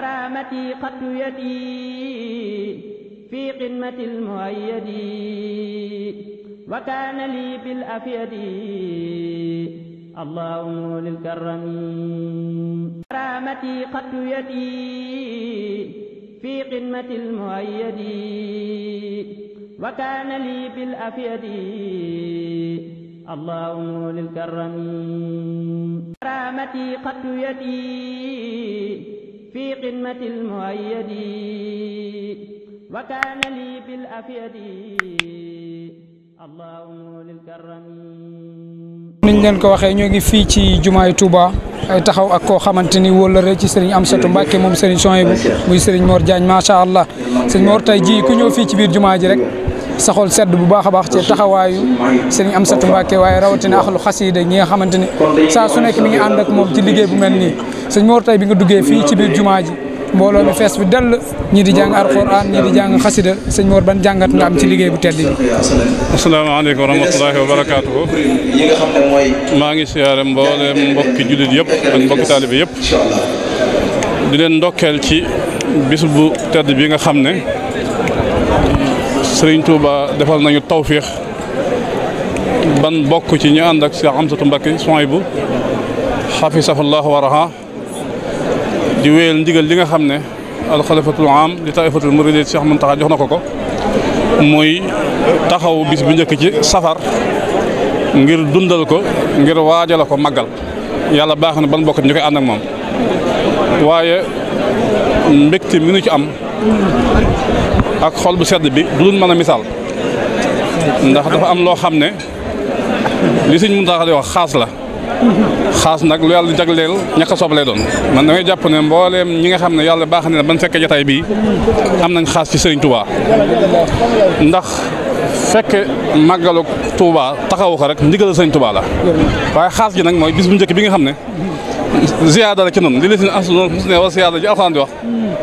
كرامتي قد يدي في قمة المؤيد وكان لي بالأفيد اللهم للكرم كرامتي قد يدي في قمة المؤيد وكان لي بالأفيد اللهم للكرم كرامتي قد يدي خدمة المؤيد وكان لي بالأفيد اللهم للكرم niñ leen ko waxee ñoo ngi fii ci jumaay Touba taxaw ak koo xamante ni wóllëre ci sëriñ Amsatou Mbacke moom sëriñ Souhaïbou muy sëriñ Mor Diagne macha allah sëriñ Mor tey jii ku ñëw fii ci biir jumaa ji rek saxol sedd bu baax a baax ci taxawaayu sëriñ Amsatu Mbàkke waaye rawatina akhlu xasiida ñi nga xamanteni sa su nek mi ngi and ak mom ci liggey bu melni serigne Mor tay bi nga duggé fi ci bir jumaa ji mbooloo mi fess bi del ñi di jang alquran ñi di jang xasida serigne Mor ban jangat nga am ci liggey bu teddi assalamu alaykum wa rahmatullahi wa moy ma ngi siyaare mbooleem mbokk julit yépp ak talib yépp inshallah di len ndokkel ci bisbu tedd bi nga xamne sëriñ Touba defal nañu tawfiix ban bokk ci ñu ànd ak Cheikh Amsatou Mbacké Souhaïbou xafisahullahu waraha di wéyal ndigal li nga xam ne alxalifatul am li taifatul muride Cheikh Mountakha jox na ko ko taxaw bis bu njëkk ci safar ngir dundal ko ngir waajal ko màggal yàlla baax na ban bokk ñu koy ànd ak moom waaye mbégte mi nu ci am ak xol bu sedd bi du mën a misaal ndax dafa am loo xam ne li sëñ Muntaxa di wax xaas la xaas nag lu yàlla jagleel ñàkk a doon man damay jàpp ne mbooleem ñi nga xam ne yàlla baax na ban fekkee jotaay bii am nañ xaas ci sëriñ Touba ndax fekk màggalu Touba taxawu ko rek ndigal sëriñ Touba la waaye xaas gi nag mooy bis bu njëkk bi nga xam ne ziyaada la ci noonu li lisin as noonu su ne wala ji alxuraan wax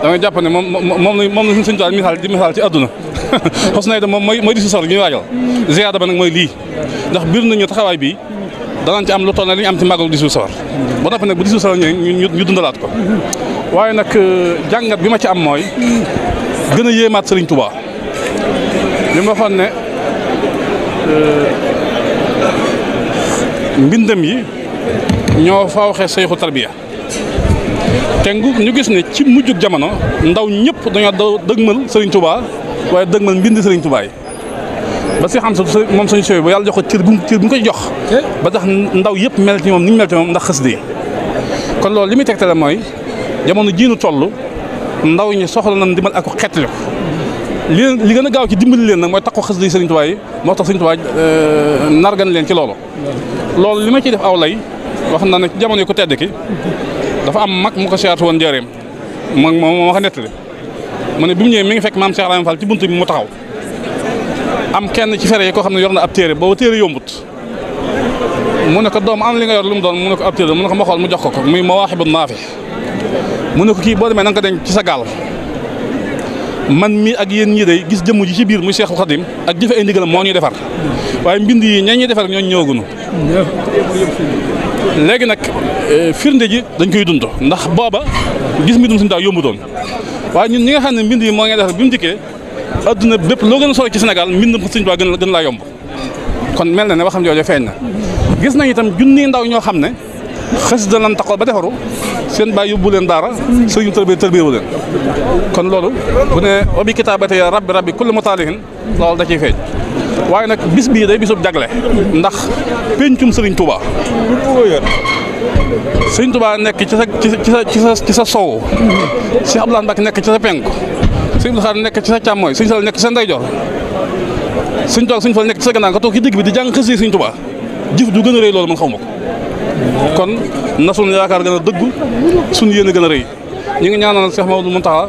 da jàpp ne moom moom la moom la suñu tuwaat misaal di misaal ci àdduna xos na moom mooy mooy di su sor gi ñuy waajal ziyaada ba nag mooy lii ndax biir nañu taxawaay bii danañ ci am lu toll ne li am ci màggal di su sor ba noppi nag bu di su sor ñëwee ñu dundalaat ko waaye nag euh, jàngat bi ma ci am mooy gën a yéemaat Sëriñ Tuubaa li ma waxoon ne euh, mbindam yi ñoo fawxe sayxu tarbiya te ñu gis ne ci mujjug jamono ndaw ñëpp dañoo daw dëgmal Serigne Touba waaye dëgmal mbind Serigne Touba yi ba si xam sa moom suñu sooy ba yàlla jox ko cër bu cër bu ñu koy jox. ba tax ndaw yëpp mel ci moom ni ñu mel moom ndax xës di kon loolu li muy tegtale mooy jamono jiinu toll ndaw ñi soxla na dimbal ak xeetli ko li li gën a gaaw ci dimbali leen nag mooy tax ko xës di Serigne Touba yi moo tax Serigne Touba euh, nargan leen ci loolu. loolu li ma ciy def aw lay wax na ne jamono yi ko tedd ki dafa am mag mu ko siyaatu woon njëriñam moom moo wax nettali mu ne bi mu ñëwee mi ngi fekk maam Cheikh Ibrahima Fall ci buntu bi mu taxaw am kenn ci fere yi koo xam ne yor na ab téere boobu téere yombut mu ne ko doom am li nga yor lu mu doon mu ne ko ab téere mu ne ko ma xool mu jox ko ko muy Mawaahibu Naafi mu ne ko kii boo demee na nga ko denc ci sa gaal man mi ak yéen ñii dey gis jëmm ji ci biir muy Seexul Xadim ak jëfe ay ndigalam moo ñuy defar waaye mbind yi ña ñuy defar ñoo ñëwagunu léegi nag euh, firnde ji dañ koy dund ndax booba gis mbindum suñu daaw doon waaye ñun ñi nga xam ne mbind yi moo ngay defar bi mu dikkee adduna bépp loo gën a sori ci Sénégal mbindum suñu daaw gën gën laa yomb kon mel na ne waxam jooju feeñ na gis nañ itam junni ndaw ñoo xam ne xasida lan taxaw ba defaru seen baay yóbbu leen daara sëriñ tërbiye tërbiyewu leen kon loolu bu ne obi kitaabati ya rabbi rabbi kulli mutaalihin loolu da ciy feeñ waaye nag bis bii day bisub jagle ndax péncum sëriñ Touba sëriñ Touba nekk ci sa ci sa ci sa ci sa ci sa penku sëriñ Abdou nekk ci sa càmmooy sëriñ Sall ci sa ndeyjoor sëriñ Touba nekk ci sa gannaaw nga toog ci digg bi di jàng xasida sëriñ Touba jëf du gën a rëy loolu man xaw kon na suñu yaakaar gën a dëggu suñu yéene gën a rëy ñu ngi ñaanal Cheikh Mamadou Mountakha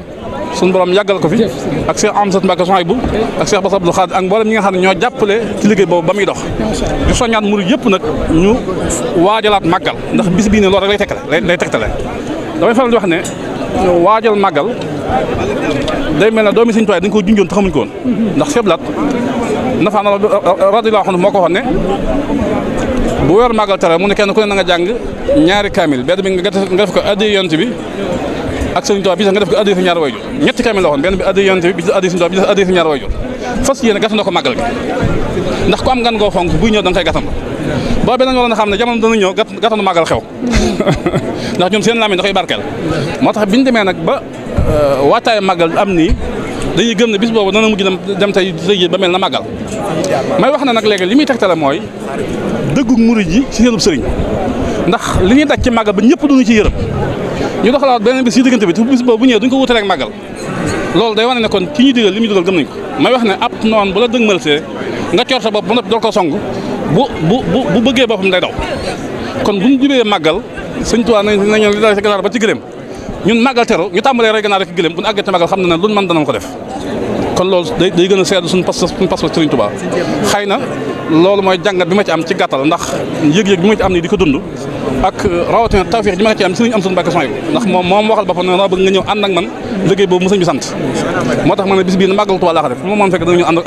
suñu borom yàggal ko fi ak Cheikh Amsat Mbacke Sohaibou ak Cheikh Bass Abdou Khadre ak mboolem ñi nga xam ne ñoo jàppale ci liggéey boobu ba muy dox di soññaat murid yëpp nag ñu waajalaat màggal ndax bisi bii ne loolu rek lay tekkale lay tegtale damay faral di wax ne waajal màggal day mel ne doomi Sëñ Tuubaa dañ ko junjoon te xamuñ ko woon ndax seblaat nafaana radiyallaahu anhu moo ko waxoon bu weer màggal tara mu ne kenn ku ne na nga jàng ñaari kaamil benn bi nga def ko addi yonent bi ak sëriñ Tuubaa bi sax nga def ko addi si ñaar way jur ñetti kaamil la waxoon benn bi addi yonent bi bi addi sëriñ Tuubaa bi addi si ñaar way jur fas yéene gàttal na ko màggal gi ndax ku am ngan fonk buy ñëw da koy gàttal boo beneen waroon a xam ne jamono dana ñëw gàttal màggal xew ndax ñoom seen làmmiñ da koy barkeel moo tax biñu demee nag ba euh, waataay màggal am nii dañuy gëm ne bis boobu dana mujj dem tey tey ba mel na màggal may wax na nag léegi li muy tegtale mooy dëggug murid yi ci seenub sëriñ ndax li ñuy daj ci màggal ba ñëpp duñu ci yërëm ñu doxalaat beneen bis ci diggante bi te bis boobu bu ñëwee duñ ko wutaleeg màggal loolu day wane ne kon ki ñu digal li muy digal gëm nañ ko may wax ne ab noon bu la dëgmalsee nga coor sa bopp ba noppi dool ko song bu bu bu bëggee boppam day daw kon bu ñu jubee màggal sëñ Tuubaa nañ nañu li dal ci ganaar ba ci gëléem ñun màggal teru ñu tàmbalee rey ganaar rek gëléem bu ñu àggee te màggal xam na ne luñ mën danañ ko def kon loolu day day gën a seetlu suñu pas suñu pas Sëriñ na loolu mooy jàngat bi ma ci am ci gàttal ndax yëg-yëg bi ma ci am nii di ko dund ak rawatina tawfeex ji ma ci am sëriñ am suñu Mbàkke Sohaybu ndax moom moom waxal boppam ne bëgg nga ñëw ànd ak man liggéey boobu sëriñ bi sant moo tax ma ne bis bii màggal Tuubaa laa ko def fu ma mën fekk dana ñu ànd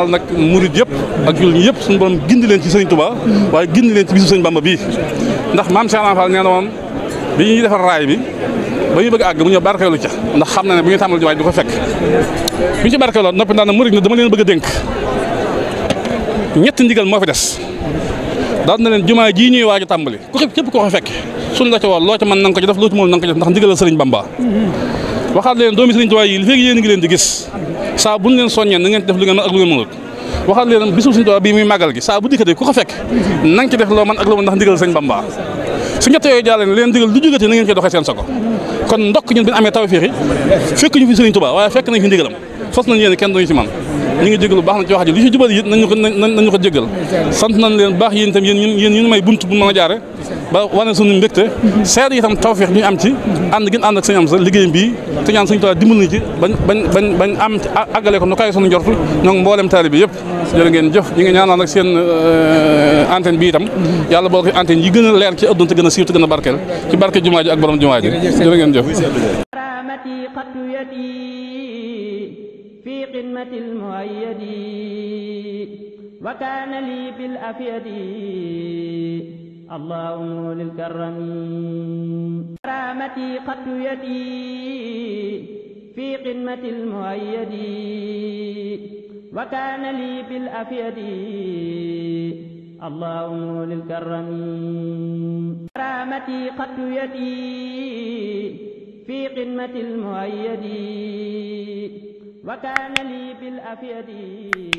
ànd moom yëpp ak jullit leen ci sëriñ Tuubaa waaye leen ci ndax maam Cheikh Fall nee na woon bi ñuy defar raay bi ba ñu bëgg àgg mu ñëw barkeelu ca ndax xam na ne bu ñu tàmbali jumaay du ko fekk bi ñu ci barkeeloo noppi naa ne murid na dama leen bëgg a dénk ñetti moo fi des a tàmbali ku xëpp képp ko fekk suñ la ca woo loo ca ko ci def loo ci mënul na nga ko ci def ndax ndigal la sëriñ Bamba waxaat leen doomi sëriñ Tuubaa yi li fekk yéen ngi leen di gis saa buñ leen soññee na ngeen def lu ngeen mën ak lu ngeen mënul waxal leen bisu suñu Tuubaa bii muy màggal gi saa bu dikkatee ku ko fekk na nga ci man ak loo mën ndax ndigal sëñ Bamba su ñett yooyu jàllee leen ndigal lu jógatee na koy doxee seen sago kon ndokk ñun bi amee tawfeex yi fekk ñu fi sëriñ Tuubaa waaye fekk nañ fi ndigalam fas nañ yéene kenn duñu ci man ñu ngi jégalu baax na ci wax ji lu ci jubal yi nañu ko nañu ko jégal sant nañ leen baax yeen tam yeen yeen ñu may buntu bu ma jaaré ba wane suñu mbékté sét yi tam tawfiq ñu am ci and gën and ak señam sa liggéey bi te ñaan señ Touba dimbal ñu ci bañ bañ bañ am agalé ko nu kay suñu njortu ñong mbolém talib yépp jël ngeen jëf ñi ngi ñaanal nak seen euh, antenne bi tam yalla bokk antenne yi gëna leer ci aduna te gëna siiw gëna barkel ci barké jumaaji ak borom jumaaji ji jël ngeen jëf قد يدي في قمة المؤيد وكان لي بالأفيد اللهم للكرم كرامتي قد يدي في قمة المؤيد وكان لي بالأفيد اللهم للكرم كرامتي قد يدي في قمة المؤيد وكان لي بالأفيد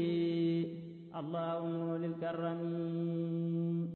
اللهم للكرمين